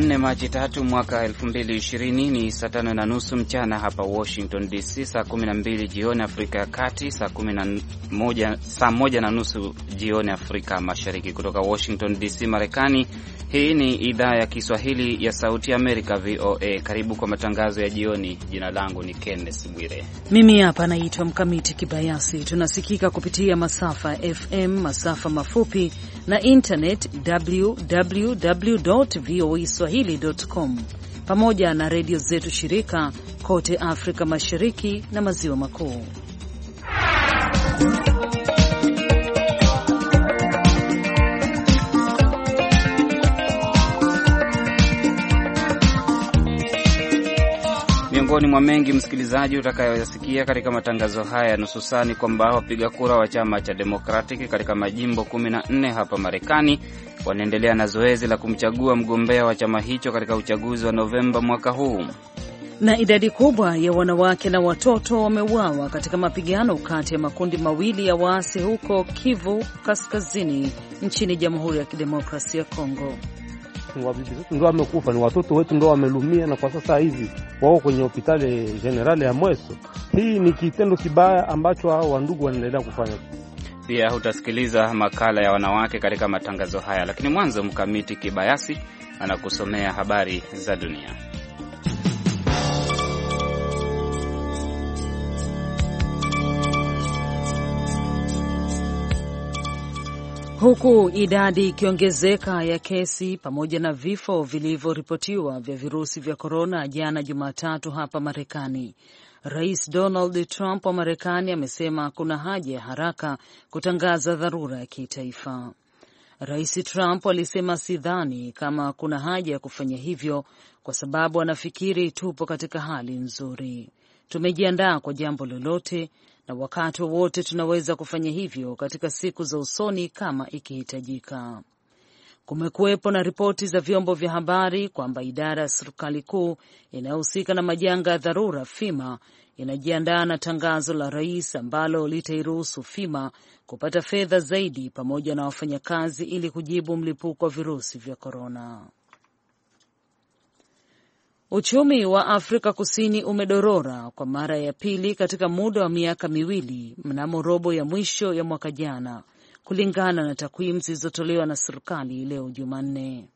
Jumanne, Machi tatu mwaka 2020 ni saa tano na nusu mchana hapa Washington DC, saa 12 jioni Afrika ya Kati, saa moja, saa moja na nusu jioni Afrika Mashariki. Kutoka Washington DC, Marekani, hii ni idhaa ya Kiswahili ya Sauti Amerika, VOA. Karibu kwa matangazo ya jioni. Jina langu ni Kenneth Bwire, mimi hapa naitwa Mkamiti Kibayasi. Tunasikika kupitia masafa FM, masafa mafupi na internet www voa swahili.com pamoja na redio zetu shirika kote Afrika Mashariki na Maziwa Makuu. miongoni mwa mengi msikilizaji utakayoyasikia katika matangazo haya nusu saa ni kwamba wapiga kura wa chama cha Demokratic katika majimbo 14 hapa Marekani wanaendelea na zoezi la kumchagua mgombea wa chama hicho katika uchaguzi wa Novemba mwaka huu na idadi kubwa ya wanawake na watoto wameuawa katika mapigano kati ya makundi mawili ya waasi huko Kivu Kaskazini nchini Jamhuri ya Kidemokrasia ya Kongo wabibi zetu ndio wamekufa, ni watoto wetu ndio wamelumia, na kwa sasa hivi wako kwenye hospitali generali ya Mweso. Hii ni kitendo kibaya ambacho hao wandugu wanaendelea kufanya. Pia utasikiliza makala ya wanawake katika matangazo haya, lakini mwanzo Mkamiti Kibayasi anakusomea habari za dunia. Huku idadi ikiongezeka ya kesi pamoja na vifo vilivyoripotiwa vya virusi vya korona jana Jumatatu hapa Marekani, Rais Donald Trump wa Marekani amesema kuna haja ya haraka kutangaza dharura ya kitaifa. Rais Trump alisema sidhani kama kuna haja ya kufanya hivyo kwa sababu anafikiri tupo katika hali nzuri, tumejiandaa kwa jambo lolote na wakati wowote tunaweza kufanya hivyo katika siku za usoni kama ikihitajika. Kumekuwepo na ripoti za vyombo vya habari kwamba idara ya serikali kuu inayohusika na majanga ya dharura FEMA inajiandaa na tangazo la rais ambalo litairuhusu FEMA kupata fedha zaidi pamoja na wafanyakazi ili kujibu mlipuko wa virusi vya korona. Uchumi wa Afrika Kusini umedorora kwa mara ya pili katika muda wa miaka miwili mnamo robo ya mwisho ya mwaka jana, kulingana na takwimu zilizotolewa na serikali leo Jumanne.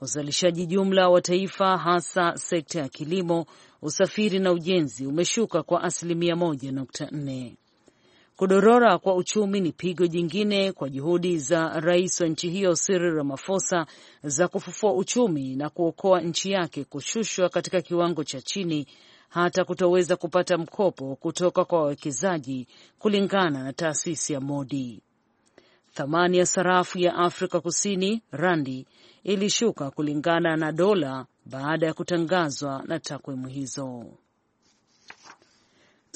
Uzalishaji jumla wa taifa, hasa sekta ya kilimo, usafiri na ujenzi, umeshuka kwa asilimia moja nukta nne. Kudorora kwa uchumi ni pigo jingine kwa juhudi za rais wa nchi hiyo Cyril Ramaphosa za kufufua uchumi na kuokoa nchi yake kushushwa katika kiwango cha chini hata kutoweza kupata mkopo kutoka kwa wawekezaji, kulingana na taasisi ya Modi. Thamani ya sarafu ya Afrika Kusini, randi, ilishuka kulingana na dola baada ya kutangazwa na takwimu hizo.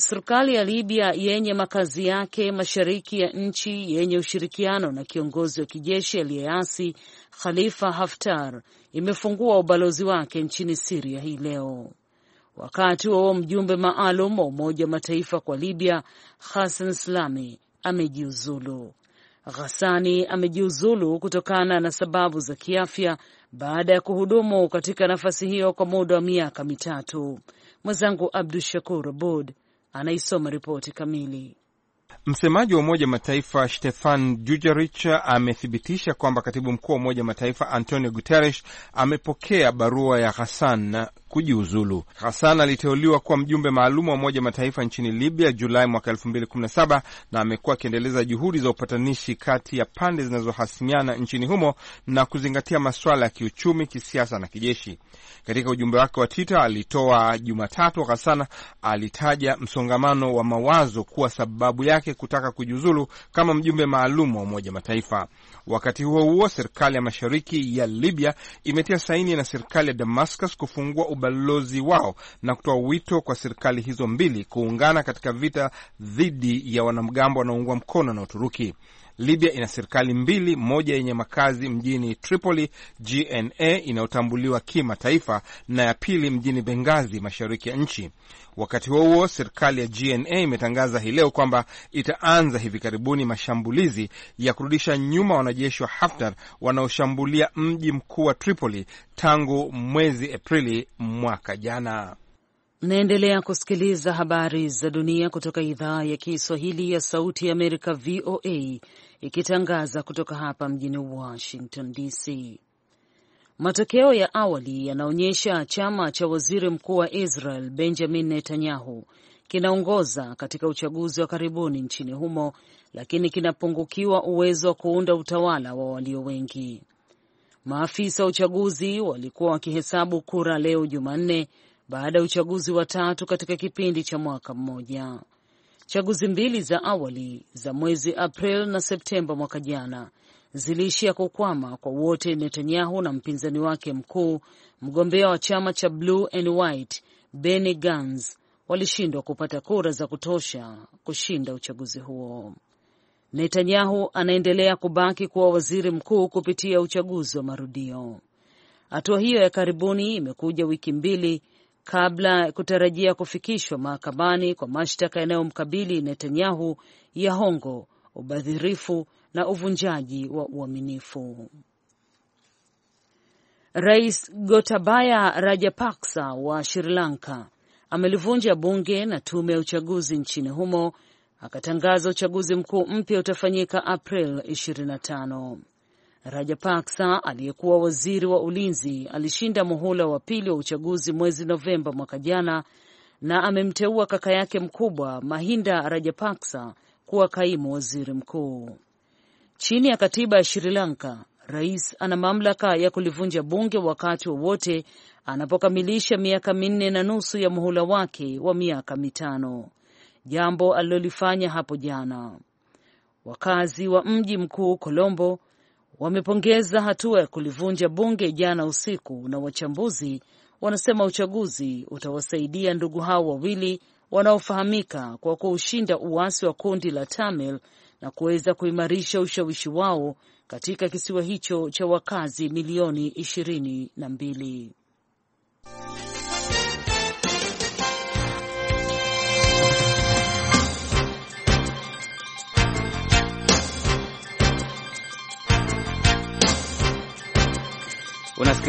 Serikali ya Libya yenye makazi yake mashariki ya nchi yenye ushirikiano na kiongozi wa kijeshi aliyeasi Khalifa Haftar imefungua ubalozi wake nchini Siria hii leo. Wakati huo mjumbe maalum wa Umoja wa Mataifa kwa Libya Hassan Slami amejiuzulu. ghasani amejiuzulu kutokana na sababu za kiafya baada ya kuhudumu katika nafasi hiyo kwa muda wa miaka mitatu. Mwenzangu Abdu Shakur Abud anaisoma ripoti kamili. Msemaji wa Umoja Mataifa Stefan Dujarric amethibitisha kwamba katibu mkuu wa Umoja Mataifa Antonio Guterres amepokea barua ya Hassan kujiuzulu. Hassan aliteuliwa kuwa mjumbe maalum wa Umoja Mataifa nchini Libya Julai mwaka 2017 na amekuwa akiendeleza juhudi za upatanishi kati ya pande zinazohasimiana nchini humo na kuzingatia masuala ya kiuchumi, kisiasa na kijeshi. Katika ujumbe wake wa Twitter alitoa Jumatatu, Hassan alitaja msongamano wa mawazo kuwa sababu yake kutaka kujiuzulu kama mjumbe maalum wa Umoja Mataifa. Wakati huo huo, serikali ya mashariki ya Libya imetia saini na serikali ya Damascus kufungua ubalozi wao na kutoa wito kwa serikali hizo mbili kuungana katika vita dhidi ya wanamgambo wanaoungwa mkono na Uturuki. Libya ina serikali mbili, moja yenye makazi mjini Tripoli, GNA, inayotambuliwa kimataifa na ya pili mjini bengazi mashariki ya nchi. Wakati huo huo, serikali ya GNA imetangaza hii leo kwamba itaanza hivi karibuni mashambulizi ya kurudisha nyuma wanajeshi wa Haftar wanaoshambulia mji mkuu wa Tripoli tangu mwezi Aprili mwaka jana. Naendelea kusikiliza habari za dunia kutoka idhaa ya Kiswahili ya Sauti ya Amerika, VOA, ikitangaza kutoka hapa mjini Washington DC. Matokeo ya awali yanaonyesha chama cha waziri mkuu wa Israel Benjamin Netanyahu kinaongoza katika uchaguzi wa karibuni nchini humo, lakini kinapungukiwa uwezo wa kuunda utawala wa walio wengi. Maafisa wa uchaguzi walikuwa wakihesabu kura leo Jumanne baada ya uchaguzi wa tatu katika kipindi cha mwaka mmoja. Chaguzi mbili za awali za mwezi April na Septemba mwaka jana ziliishia kukwama kwa wote Netanyahu na mpinzani wake mkuu, mgombea wa chama cha Blue and White Benny Gantz, walishindwa kupata kura za kutosha kushinda uchaguzi huo. Netanyahu anaendelea kubaki kuwa waziri mkuu kupitia uchaguzi wa marudio. Hatua hiyo ya karibuni imekuja wiki mbili kabla kutarajia kufikishwa mahakamani kwa mashtaka yanayomkabili Netanyahu ya hongo, ubadhirifu na uvunjaji wa uaminifu. Rais Gotabaya Rajapaksa wa Sri Lanka amelivunja bunge na tume ya uchaguzi nchini humo, akatangaza uchaguzi mkuu mpya utafanyika April Rajapaksa aliyekuwa waziri wa ulinzi alishinda muhula wa pili wa uchaguzi mwezi Novemba mwaka jana na amemteua kaka yake mkubwa Mahinda Rajapaksa kuwa kaimu waziri mkuu. Chini ya katiba ya Sri Lanka, rais ana mamlaka ya kulivunja bunge wakati wowote wa anapokamilisha miaka minne na nusu ya muhula wake wa miaka mitano, jambo alilolifanya hapo jana. Wakazi wa mji mkuu Colombo wamepongeza hatua ya kulivunja bunge jana usiku, na wachambuzi wanasema uchaguzi utawasaidia ndugu hao wawili wanaofahamika kwa kuushinda uasi wa kundi la Tamil na kuweza kuimarisha ushawishi wao katika kisiwa hicho cha wakazi milioni ishirini na mbili.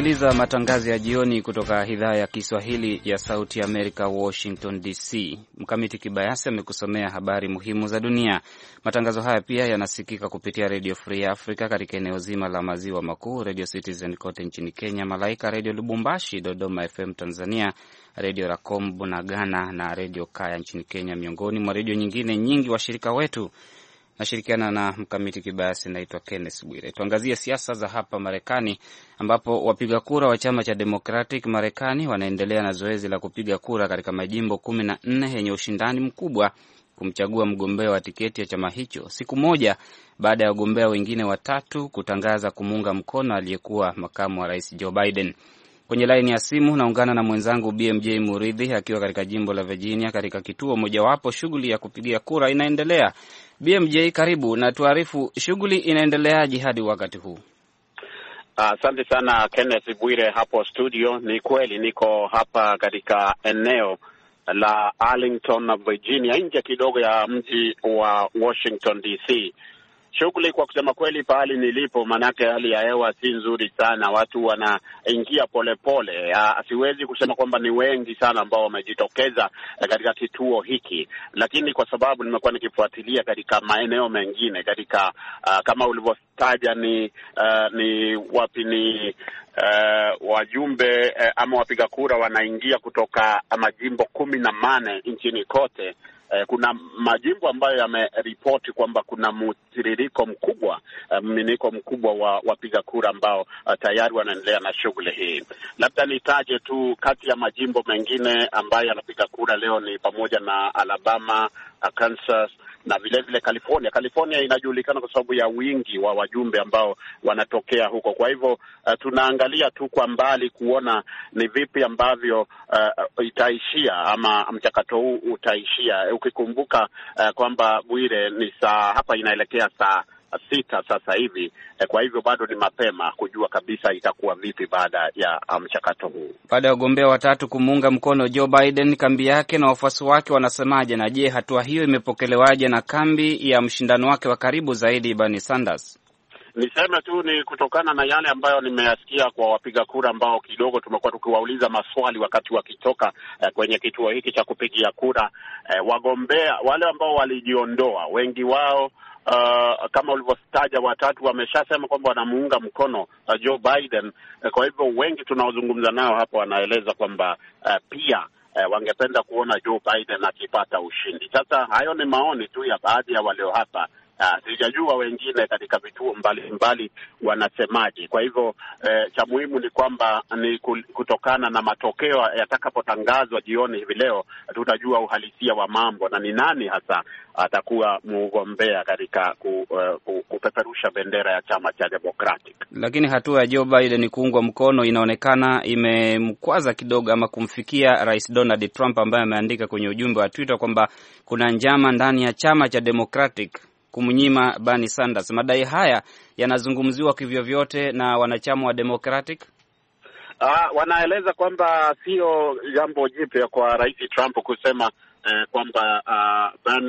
unasikiliza matangazo ya jioni kutoka idhaa ya Kiswahili ya Sauti ya Amerika, Washington DC. Mkamiti Kibayasi amekusomea habari muhimu za dunia. Matangazo haya pia yanasikika kupitia Redio Free Africa katika eneo zima la maziwa makuu, Redio Citizen kote nchini Kenya, Malaika Redio Lubumbashi, Dodoma FM Tanzania, Redio Racom Bunagana na Redio Kaya nchini Kenya, miongoni mwa redio nyingine nyingi washirika wetu. Nashirikiana na Mkamiti Kibayasi, naitwa kennes Bwire. Tuangazie siasa za hapa Marekani, ambapo wapiga kura wa chama cha Democratic Marekani wanaendelea na zoezi la kupiga kura katika majimbo kumi na nne yenye ushindani mkubwa kumchagua mgombea wa tiketi ya chama hicho, siku moja baada ya wagombea wengine watatu kutangaza kumuunga mkono aliyekuwa makamu wa rais Joe Biden. Kwenye laini ya simu naungana na mwenzangu BMJ Muridhi akiwa katika jimbo la Virginia katika kituo mojawapo shughuli ya kupigia kura inaendelea. BMJ, karibu na tuarifu, shughuli inaendeleaje hadi wakati huu? Asante uh, sana Kenneth Bwire hapo studio. Ni kweli niko hapa katika eneo la Arlington, Virginia, nje kidogo ya mji wa Washington DC, Shughuli kwa kusema kweli, pahali nilipo, maanake hali ya hewa si nzuri sana, watu wanaingia polepole. Ah, siwezi kusema kwamba ni wengi sana ambao wamejitokeza eh, katika kituo hiki, lakini kwa sababu nimekuwa nikifuatilia katika maeneo mengine katika uh, kama ulivyotaja ni uh, ni wapi ni Uh, wajumbe uh, ama wapiga kura wanaingia kutoka majimbo kumi na mane nchini kote eh, kuna majimbo ambayo yameripoti kwamba kuna mtiririko mkubwa eh, mminiko mkubwa wa wapiga kura ambao eh, tayari wanaendelea na shughuli hii. Labda nitaje tu kati ya majimbo mengine ambayo yanapiga kura leo ni pamoja na Alabama, eh, Kansas na vilevile vile California. California inajulikana kwa sababu ya wingi wa wajumbe ambao wanatokea huko. Kwa hivyo uh, tunaangalia tu kwa mbali kuona ni vipi ambavyo uh, itaishia ama mchakato huu utaishia, ukikumbuka uh, kwamba Bwire ni saa hapa inaelekea saa sita sasa hivi. Eh, kwa hivyo bado ni mapema kujua kabisa itakuwa vipi baada ya um, mchakato huu. Baada ya wagombea watatu kumuunga mkono Joe Biden, kambi yake na wafuasi wake wanasemaje? Na je, hatua hiyo imepokelewaje na kambi ya mshindano wake wa karibu zaidi Bernie Sanders? Niseme tu ni kutokana na yale ambayo nimeyasikia kwa wapiga kura ambao kidogo tumekuwa tukiwauliza maswali wakati wakitoka eh, kwenye kituo hiki cha kupigia kura eh, wagombea wale ambao walijiondoa wengi wao uh, kama ulivyotaja watatu wameshasema kwamba wanamuunga mkono uh, Joe Biden. Uh, kwa hivyo wengi tunaozungumza nao hapa wanaeleza kwamba uh, pia uh, wangependa kuona Joe Biden akipata ushindi. Sasa hayo ni maoni tu ya baadhi ya walio hapa Sijajua wengine katika vituo mbalimbali wanasemaje. Kwa hivyo eh, cha muhimu ni kwamba ni kutokana na matokeo yatakapotangazwa jioni hivi leo, tutajua uhalisia wa mambo na ni nani hasa atakuwa mgombea katika ku, uh, ku, kupeperusha bendera ya chama cha Democratic. Lakini hatua ya Joe Biden kuungwa mkono inaonekana imemkwaza kidogo ama kumfikia Rais Donald Trump ambaye ameandika kwenye ujumbe wa Twitter kwamba kuna njama ndani ya chama cha Democratic kumnyima Bernie Sanders. Madai haya yanazungumziwa kivyovyote na wanachama wa Democratic. Uh, wanaeleza kwamba sio jambo jipya kwa Rais Trump kusema eh, kwamba uh,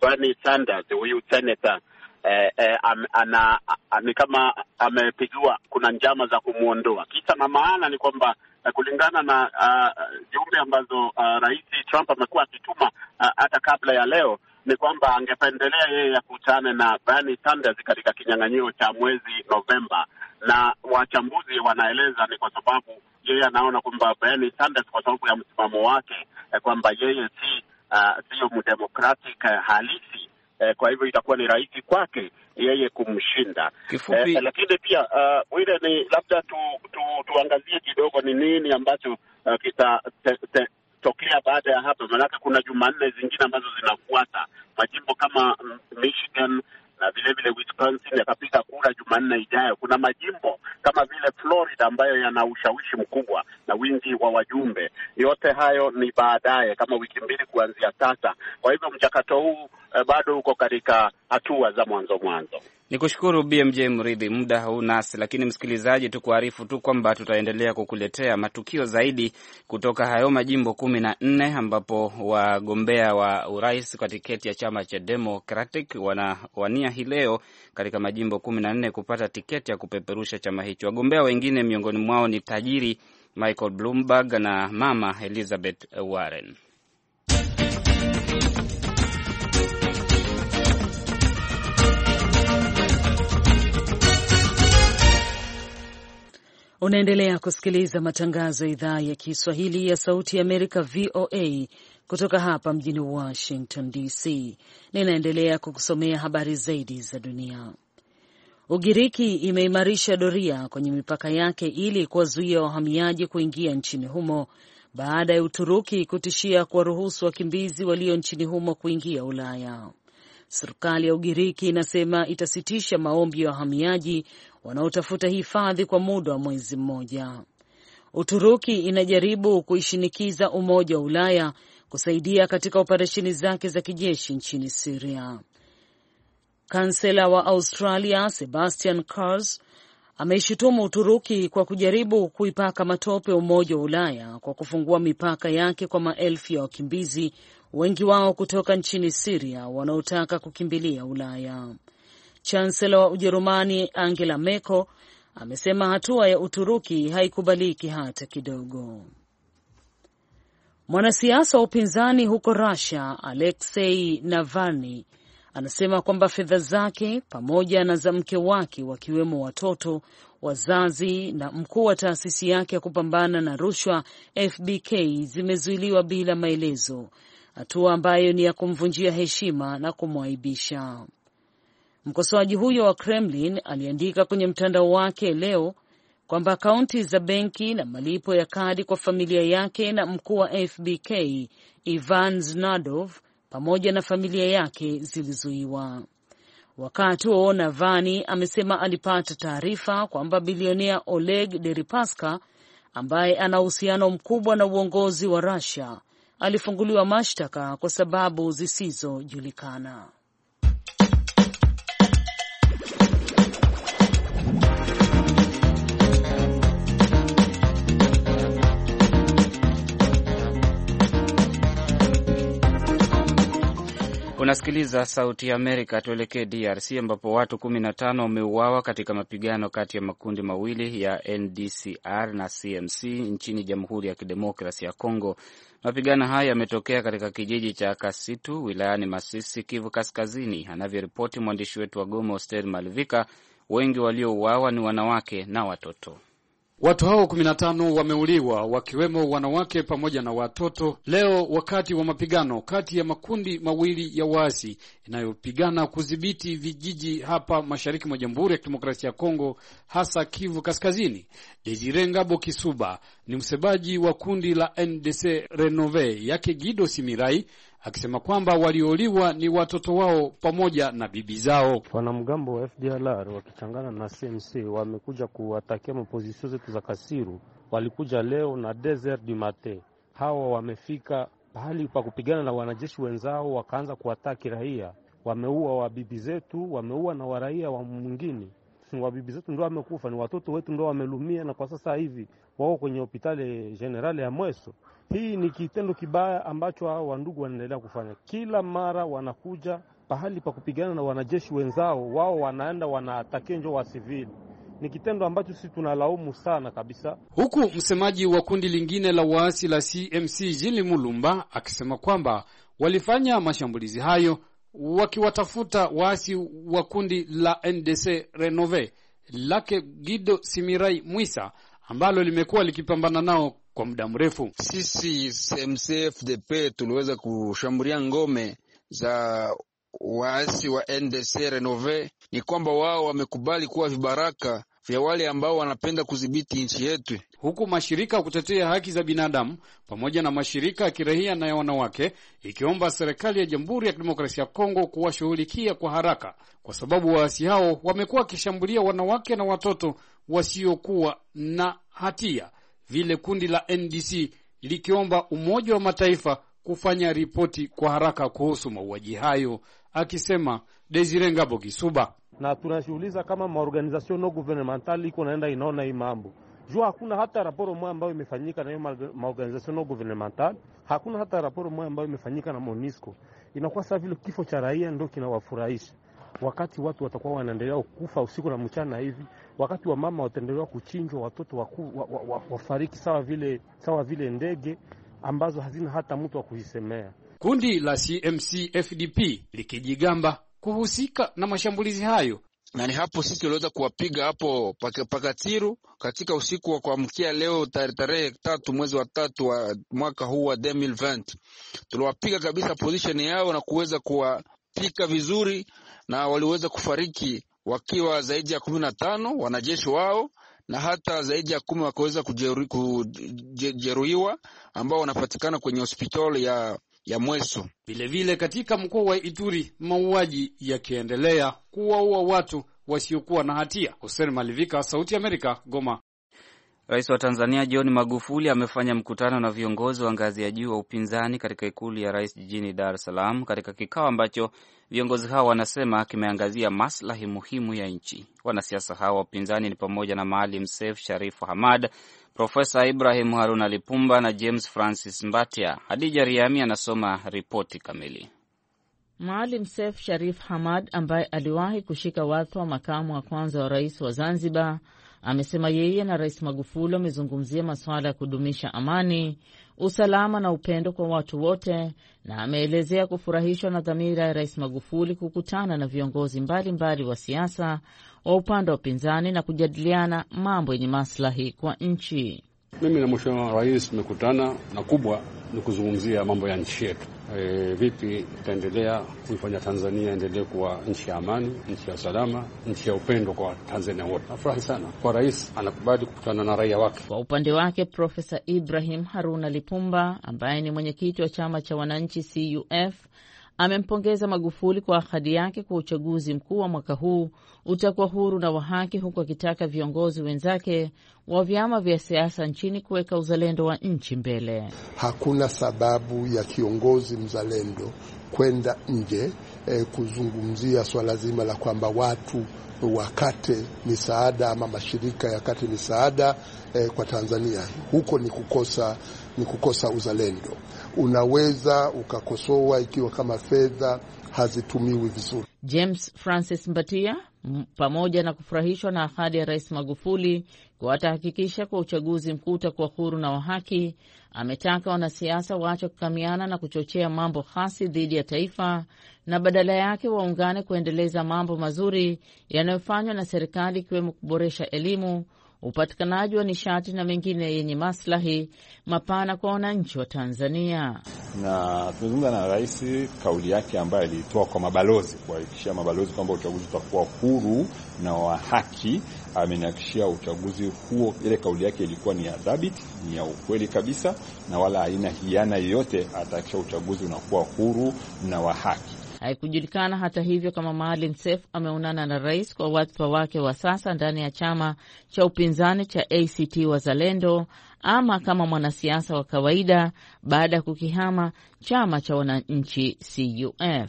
Bernie Sanders huyu senata eh, eh, am, ana, ni kama amepigiwa, kuna njama za kumwondoa. Kisa na maana ni kwamba eh, kulingana na uh, jumbe ambazo uh, Rais Trump amekuwa akituma hata uh, kabla ya leo ni kwamba angependelea yeye akutane na Bernie Sanders katika kinyang'anyiro cha mwezi Novemba, na wachambuzi wanaeleza ni kwa sababu yeye anaona kwamba Bernie Sanders kwa sababu ya msimamo wake eh, kwamba yeye si uh, ah, siyo mdemokratic eh, halisi eh, kwa hivyo itakuwa ni rahisi kwake yeye kumshinda kifupi. Eh, lakini pia Bwire, uh, ah, ni labda tu, tu, tuangazie kidogo ni nini ambacho uh, kita, te, te, tokea baada ya hapa, maanake kuna Jumanne zingine ambazo zinafuata majimbo kama Michigan na vile vile Wisconsin yatapiga kura Jumanne ijayo. Kuna majimbo kama vile Florida ambayo yana ushawishi mkubwa na wingi wa wajumbe. Yote hayo ni baadaye kama wiki mbili kuanzia sasa. Kwa hivyo mchakato huu eh, bado uko katika hatua za mwanzo mwanzo. Ni kushukuru BMJ Mridhi, muda huu nasi lakini, msikilizaji, tukuarifu tu kwamba tutaendelea kukuletea matukio zaidi kutoka hayo majimbo kumi na nne ambapo wagombea wa urais kwa tiketi ya chama cha Democratic wanawania hii leo katika majimbo kumi na nne kupata tiketi ya kupeperusha chama hicho. Wagombea wengine miongoni mwao ni tajiri Michael Bloomberg na mama Elizabeth Warren. Unaendelea kusikiliza matangazo ya idhaa ya Kiswahili ya Sauti ya Amerika, VOA, kutoka hapa mjini Washington DC. Ninaendelea kukusomea habari zaidi za dunia. Ugiriki imeimarisha doria kwenye mipaka yake ili kuwazuia wahamiaji kuingia nchini humo baada ya Uturuki kutishia kuwaruhusu wakimbizi walio nchini humo kuingia Ulaya. Serikali ya Ugiriki inasema itasitisha maombi ya wahamiaji wanaotafuta hifadhi kwa muda wa mwezi mmoja. Uturuki inajaribu kuishinikiza Umoja wa Ulaya kusaidia katika operesheni zake za kijeshi nchini Siria. Kansela wa Australia Sebastian Kurz ameishutumu Uturuki kwa kujaribu kuipaka matope Umoja wa Ulaya kwa kufungua mipaka yake kwa maelfu ya wakimbizi, wengi wao kutoka nchini Siria wanaotaka kukimbilia Ulaya. Chansela wa Ujerumani Angela Merkel amesema hatua ya Uturuki haikubaliki hata kidogo. Mwanasiasa wa upinzani huko Russia Alexei Navalny anasema kwamba fedha zake pamoja na za mke wake wakiwemo watoto, wazazi na mkuu wa taasisi yake ya kupambana na rushwa FBK zimezuiliwa bila maelezo, hatua ambayo ni ya kumvunjia heshima na kumwaibisha. Mkosoaji huyo wa Kremlin aliandika kwenye mtandao wake leo kwamba akaunti za benki na malipo ya kadi kwa familia yake na mkuu wa FBK Ivan Znadov pamoja na familia yake zilizuiwa. Wakati huo navani amesema alipata taarifa kwamba bilionea Oleg Deripaska ambaye ana uhusiano mkubwa na uongozi wa Russia alifunguliwa mashtaka kwa sababu zisizojulikana. Unasikiliza Sauti ya Amerika. Tuelekee DRC ambapo watu 15 wameuawa katika mapigano kati ya makundi mawili ya NDCR na CMC nchini Jamhuri ya Kidemokrasi ya Kongo. Mapigano haya yametokea katika kijiji cha Kasitu wilayani Masisi, Kivu Kaskazini, anavyoripoti mwandishi wetu wa Goma, Oster Malivika. Wengi waliouawa ni wanawake na watoto. Watu hao 15 wameuliwa wakiwemo wanawake pamoja na watoto leo wakati wa mapigano kati ya makundi mawili ya waasi inayopigana kudhibiti vijiji hapa mashariki mwa Jamhuri ya Kidemokrasia ya Kongo, hasa Kivu Kaskazini. Desire Ngabo Kisuba ni msemaji wa kundi la NDC Renove yake Gido Simirai akisema kwamba waliouliwa ni watoto wao pamoja na bibi zao. Wanamgambo wa FDLR wakichangana na CMC wamekuja kuwatakia mapozisio zetu za Kasiru, walikuja leo na desert du mate. Hawa wamefika pahali pa kupigana na wanajeshi wenzao, wakaanza kuwataki raia. Wameua wabibi zetu, wameua na waraia wa mwingine wabibi zetu ndio wamekufa, ni watoto wetu ndo wamelumia, na kwa sasa hivi wako kwenye hospitali Generali ya Mweso. Hii ni kitendo kibaya ambacho hawa wandugu wanaendelea kufanya. Kila mara wanakuja pahali pa kupigana na wanajeshi wenzao, wao wanaenda njo wa sivili. Ni kitendo ambacho sisi tunalaumu sana kabisa. Huku msemaji wa kundi lingine la waasi la CMC Jili Mulumba akisema kwamba walifanya mashambulizi hayo wakiwatafuta waasi wa kundi la NDC Renove lake Gido Simirai Mwisa ambalo limekuwa likipambana nao kwa muda mrefu. Sisi MCFDP tuliweza kushambulia ngome za waasi wa NDC Renove, ni kwamba wao wamekubali kuwa vibaraka vya wale ambao wanapenda kudhibiti nchi yetu, huku mashirika ya kutetea haki za binadamu pamoja na mashirika ya kirahia na ya wanawake ikiomba serikali ya Jamhuri ya Kidemokrasia ya Kongo kuwashughulikia kwa haraka, kwa sababu waasi hao wamekuwa wakishambulia wanawake na watoto wasiokuwa na hatia vile kundi la NDC likiomba Umoja wa Mataifa kufanya ripoti kwa haraka kuhusu mauaji hayo, akisema Desire Ngabo Kisuba. Na tunashughuliza kama maorganization no governmental iko naenda inaona hii mambo jua, hakuna hata raporo moja ambayo imefanyika na hiyo maorganization no governmental. Hakuna hata raporo moja ambayo imefanyika na MONUSCO. Inakuwa saa vile kifo cha raia ndio kinawafurahisha, wakati watu watakuwa wanaendelea kufa usiku na mchana hivi wakati wa mama watendelewa kuchinjwa, watoto wafariki wa, wa, wa, wafariki sawa vile, sawa vile ndege ambazo hazina hata mtu wa kuisemea. Kundi la CMC FDP likijigamba kuhusika na mashambulizi hayo na ni hapo sisi tuliweza kuwapiga hapo Pakatiru katika usiku wa kuamkia leo tarehe tatu mwezi wa tatu wa mwaka huu wa 2020 tuliwapiga kabisa position yao na kuweza kuwapika vizuri, na waliweza kufariki wakiwa zaidi ya kumi na tano wanajeshi wao na hata zaidi ya kumi wakaweza kujeruhiwa ambao wanapatikana kwenye hospitali ya ya Mweso. Vilevile katika mkoa wa Ituri mauaji yakiendelea kuwaua watu wasiokuwa na hatia. Hussein Malivika, Sauti ya Amerika, Goma. Rais wa Tanzania John Magufuli amefanya mkutano na viongozi wa ngazi ya juu wa upinzani katika ikulu ya rais jijini Dar es Salaam, katika kikao ambacho viongozi hao wanasema kimeangazia maslahi muhimu ya nchi. Wanasiasa hao wa upinzani ni pamoja na Maalim Seif Sharif Hamad, Profesa Ibrahim Haruna Lipumba na James Francis Mbatia. Hadija Riami anasoma ripoti kamili. Maalim Seif Sharif Hamad ambaye aliwahi kushika wadhifa wa makamu wa kwanza wa rais wa Zanzibar Amesema yeye na Rais Magufuli wamezungumzia masuala ya kudumisha amani, usalama na upendo kwa watu wote, na ameelezea kufurahishwa na dhamira ya Rais Magufuli kukutana na viongozi mbalimbali mbali wa siasa wa upande wa upinzani na kujadiliana mambo yenye maslahi kwa nchi. Mimi na mheshimiwa rais tumekutana na kubwa ni kuzungumzia mambo ya nchi yetu. E, vipi tutaendelea kuifanya Tanzania endelee kuwa nchi ya amani, nchi ya usalama, nchi ya upendo kwa Tanzania wote. Nafurahi sana kwa rais anakubali kukutana na raia wake. Kwa upande wake, Profesa Ibrahim Haruna Lipumba ambaye ni mwenyekiti wa chama cha wananchi CUF amempongeza Magufuli kwa ahadi yake kwa uchaguzi mkuu wa mwaka huu utakuwa huru na wa haki, huku akitaka viongozi wenzake wa vyama vya siasa nchini kuweka uzalendo wa nchi mbele. Hakuna sababu ya kiongozi mzalendo kwenda nje eh, kuzungumzia swala zima la kwamba watu wakate misaada ama mashirika yakate misaada eh, kwa Tanzania. Huko ni kukosa, ni kukosa uzalendo unaweza ukakosoa ikiwa kama fedha hazitumiwi vizuri. James Francis Mbatia pamoja na kufurahishwa na ahadi ya Rais Magufuli kuwa atahakikisha kwa uchaguzi mkuu utakuwa huru na wa haki, ametaka wanasiasa waache kukamiana na kuchochea mambo hasi dhidi ya taifa na badala yake waungane kuendeleza mambo mazuri yanayofanywa na serikali, ikiwemo kuboresha elimu upatikanaji wa nishati na mengine yenye maslahi mapana kwa wananchi wa Tanzania. Na tumezungumza na rais, kauli yake ambayo aliitoa kwa mabalozi, kuhakikishia mabalozi kwamba uchaguzi utakuwa huru na wa haki. Amenihakikishia uchaguzi huo, ile kauli yake ilikuwa ni ya dhabiti, ni ya ukweli kabisa, na wala haina hiana yoyote. Atahakikisha uchaguzi unakuwa huru na wa haki. Haikujulikana hata hivyo kama Maalim Seif ameonana na rais kwa wadhifa wake wa sasa ndani ya chama cha upinzani cha ACT Wazalendo ama kama mwanasiasa wa kawaida baada ya kukihama chama cha wananchi CUF.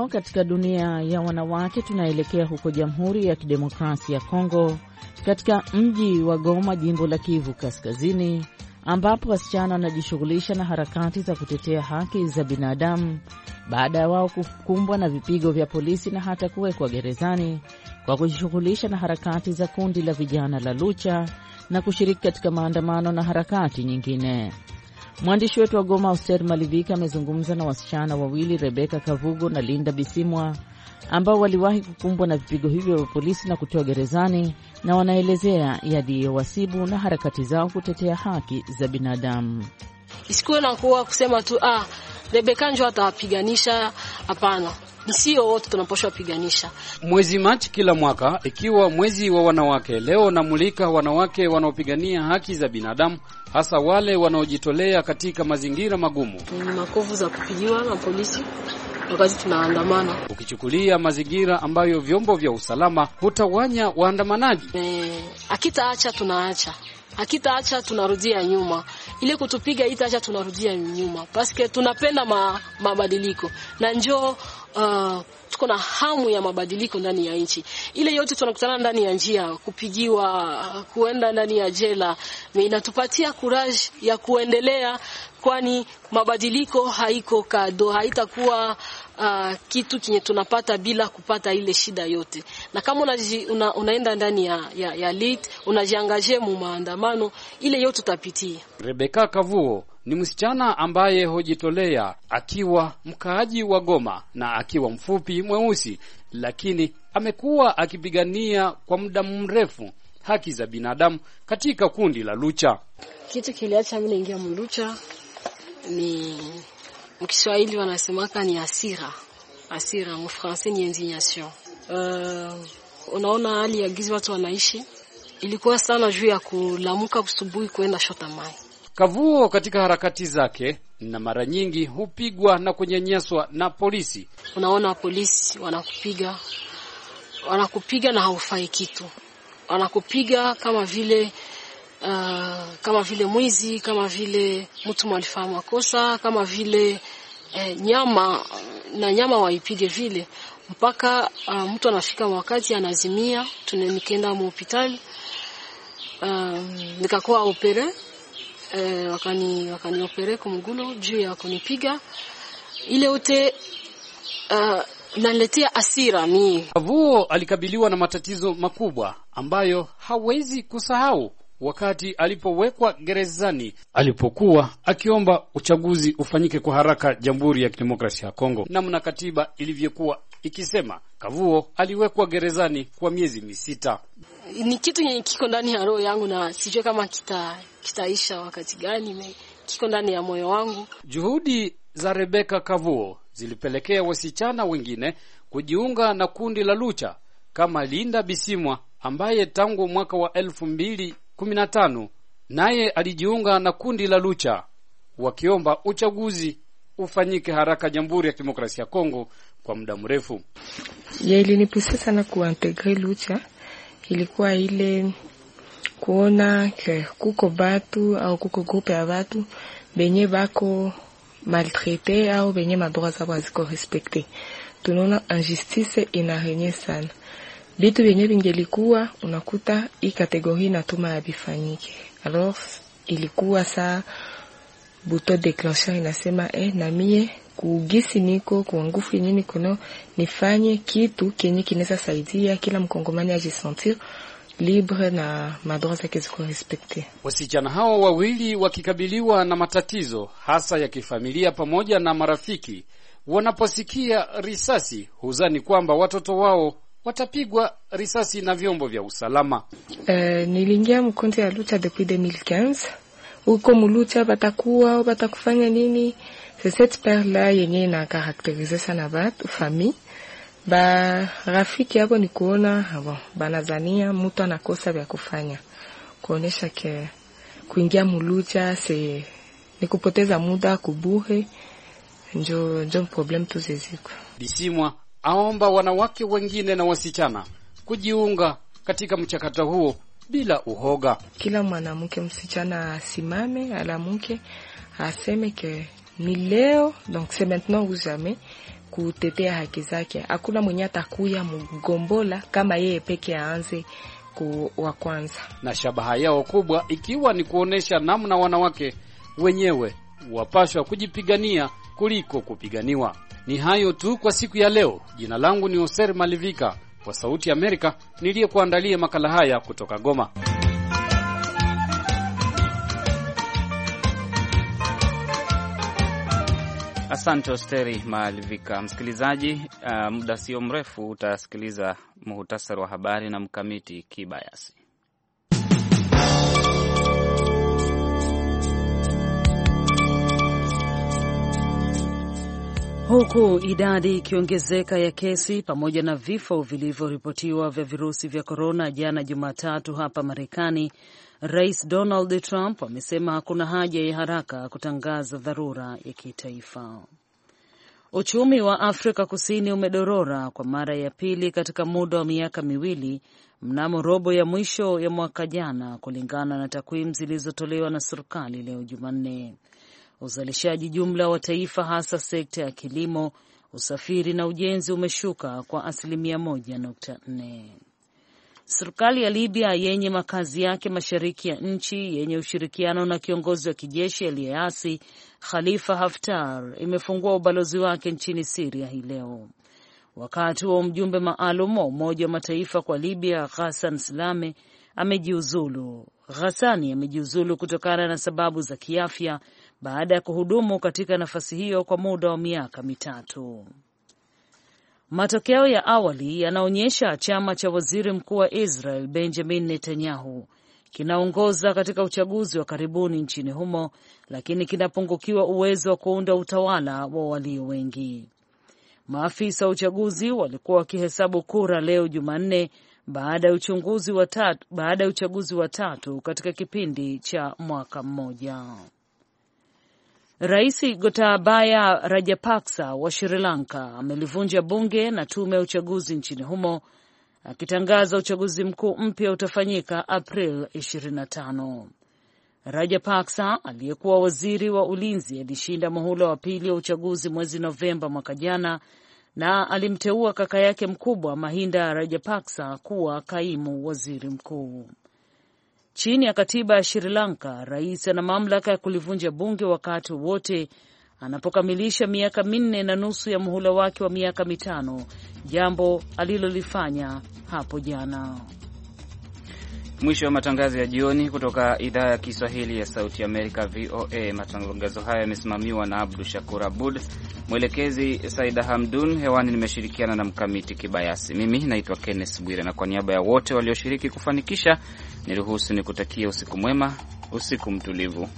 leo katika dunia ya wanawake tunaelekea huko Jamhuri ya Kidemokrasia ya Kongo, katika mji wa Goma, jimbo la Kivu Kaskazini, ambapo wasichana wanajishughulisha na harakati za kutetea haki za binadamu baada ya wao kukumbwa na vipigo vya polisi na hata kuwekwa gerezani kwa kujishughulisha na harakati za kundi la vijana la Lucha na kushiriki katika maandamano na harakati nyingine. Mwandishi wetu wa Goma, Hoster Malivika, amezungumza na wasichana wawili, Rebeka Kavugo na Linda Bisimwa, ambao waliwahi kukumbwa na vipigo hivyo vya polisi na kutoa gerezani, na wanaelezea yaliyowasibu na harakati zao kutetea haki za binadamu. Isikuwe nakuwa kusema tu ah, Rebeka njo atawapiganisha. Hapana sio wote tunapaswa piganisha. Mwezi Machi kila mwaka ikiwa mwezi wa wanawake, leo namulika wanawake wanaopigania haki za binadamu, hasa wale wanaojitolea katika mazingira magumu. Ni makovu za kupigiwa na polisi wakati tunaandamana. Ukichukulia mazingira ambayo vyombo vya usalama hutawanya waandamanaji, eh, akitaacha tunaacha akitaacha tunarudia nyuma, ile kutupiga itaacha tunarudia nyuma, paske tunapenda ma, mabadiliko na njo Uh, tuko na hamu ya mabadiliko ndani ya nchi ile yote. Tunakutana ndani ya njia, kupigiwa, kuenda ndani ya jela, inatupatia courage ya kuendelea, kwani mabadiliko haiko kado, haitakuwa uh, kitu kinye tunapata bila kupata ile shida yote. Na kama unaji, una, unaenda ndani ya, ya, ya lit unajiangaje mu maandamano ile yote utapitia. Rebeka Kavuo ni msichana ambaye hujitolea akiwa mkaaji wa Goma na akiwa mfupi mweusi, lakini amekuwa akipigania kwa muda mrefu haki za binadamu katika kundi la Lucha. Kitu kiliacha mimi naingia mlucha ni Mkiswahili wanasemaka ni asira asira mfransa ni indignation. Uh, unaona hali ya gizi watu wanaishi ilikuwa sana juu ya kulamuka asubuhi kwenda shota mai. Kavuo katika harakati zake na mara nyingi hupigwa na kunyanyaswa na polisi. Unaona polisi wanakupiga, wanakupiga na haufai kitu, wanakupiga kama vile uh, kama vile mwizi, kama vile mtu mwalifahamu makosa, kama vile eh, nyama na nyama waipige vile mpaka uh, mtu anafika wakati anazimia. mu hospitali uh, nikakuwa opere eh, wakani wakaniopere kumgulo juu ya kunipiga ile ute uh, naletea asira mie. Kavuo alikabiliwa na matatizo makubwa ambayo hawezi kusahau wakati alipowekwa gerezani alipokuwa akiomba uchaguzi ufanyike kwa haraka Jamhuri ya Kidemokrasia ya Kongo, namna katiba ilivyokuwa ikisema. Kavuo aliwekwa gerezani kwa miezi misita. Ni kitu yenye kiko ndani ya roho yangu na sijue kama kita, kitaisha wakati gani kiko ndani ya moyo wangu. Juhudi za Rebeka Kavuo zilipelekea wasichana wengine kujiunga na kundi la Lucha kama Linda Bisimwa ambaye tangu mwaka wa elfu mbili 15 naye alijiunga na kundi la Lucha wakiomba uchaguzi ufanyike haraka Jamhuri ya Kidemokrasia ya Kongo kwa muda mrefu. Ya ilinipusia sana kuintegre Lucha ilikuwa ile kuona ke kuko batu au kuko grupe ya batu benye bako maltrete au benye madroa zabo haziko respekte Tunaona injustice inarenye sana vitu vyenye vingelikuwa unakuta hii kategori natuma yavifanyike. Alors ilikuwa saa buto declension inasema eh, na mie kugisi niko kwa nguvu yenye nikono nifanye kitu kenye kinaweza saidia kila mkongomani ajisentir libre na madroit zake ziko respecte. Wasichana hao wawili wakikabiliwa na matatizo hasa ya kifamilia pamoja na marafiki, wanaposikia risasi huzani kwamba watoto wao watapigwa risasi na vyombo vya usalama. Uh, niliingia mkonde ya Lucha depuis 2015 huko Mulucha batakuwa au batakufanya nini? C'est cette peur yenye ina karakterize sana batu fami ba rafiki hapo, ni kuona ah bon, banazania mtu anakosa vya kufanya, kuonesha ke kuingia Mulucha se ni kupoteza muda kubuhe, njo njo problem tu zeziko bisimwa aomba wanawake wengine na wasichana kujiunga katika mchakato huo bila uhoga. Kila mwanamke msichana asimame, alamuke, aseme ke ni leo, donc c'est maintenant ou jamais kutetea haki zake. Hakuna mwenye atakuya mgombola kama yeye peke aanze wa kwanza, na shabaha yao kubwa ikiwa ni kuonyesha namna wanawake wenyewe wapashwa kujipigania kuliko kupiganiwa. Ni hayo tu kwa siku ya leo. Jina langu ni Oser Malivika kwa Sauti ya Amerika niliyekuandalia makala haya kutoka Goma. Asante Osteri Maalivika. Msikilizaji, uh, muda sio mrefu utasikiliza muhutasari wa habari na Mkamiti Kibayasi. Huku idadi ikiongezeka ya kesi pamoja na vifo vilivyoripotiwa vya virusi vya korona jana Jumatatu hapa Marekani, Rais Donald Trump amesema hakuna haja ya haraka kutangaza dharura ya kitaifa. Uchumi wa Afrika Kusini umedorora kwa mara ya pili katika muda wa miaka miwili mnamo robo ya mwisho ya mwaka jana, kulingana na takwimu zilizotolewa na serikali leo Jumanne. Uzalishaji jumla wa taifa, hasa sekta ya kilimo, usafiri na ujenzi, umeshuka kwa asilimia nne. Serikali ya Libya yenye makazi yake mashariki ya nchi yenye ushirikiano na kiongozi wa kijeshi aliyeasi Khalifa Haftar imefungua ubalozi wake nchini Siria hii leo. Wakati wa mjumbe maalum wa Umoja wa Mataifa kwa Libya Ghassan Salame amejiuzulu. Ghassani amejiuzulu kutokana na sababu za kiafya baada ya kuhudumu katika nafasi hiyo kwa muda wa miaka mitatu. Matokeo ya awali yanaonyesha chama cha waziri mkuu wa Israel Benjamin Netanyahu kinaongoza katika uchaguzi wa karibuni nchini humo, lakini kinapungukiwa uwezo wa kuunda utawala wa walio wengi. Maafisa wa uchaguzi walikuwa wakihesabu kura leo Jumanne baada ya uchunguzi wa tatu, baada ya uchaguzi wa tatu katika kipindi cha mwaka mmoja. Rais Gotabaya Rajapaksa wa Sri Lanka amelivunja bunge na tume ya uchaguzi nchini humo akitangaza uchaguzi mkuu mpya utafanyika April 25. Rajapaksa aliyekuwa waziri wa ulinzi alishinda muhula wa pili wa uchaguzi mwezi Novemba mwaka jana na alimteua kaka yake mkubwa Mahinda Rajapaksa kuwa kaimu waziri mkuu. Chini ya katiba ya Sri Lanka, rais ana mamlaka ya kulivunja bunge wakati wowote anapokamilisha miaka minne na nusu ya muhula wake wa miaka mitano, jambo alilolifanya hapo jana. Mwisho wa matangazo ya jioni kutoka idhaa ya Kiswahili ya Sauti Amerika, VOA. Matangazo haya yamesimamiwa na Abdu Shakur Abud, mwelekezi Saida Hamdun. Hewani nimeshirikiana na Mkamiti Kibayasi. Mimi naitwa Kenneth Bwire, na kwa niaba ya wote walioshiriki kufanikisha, niruhusu kutakia usiku mwema, usiku mtulivu.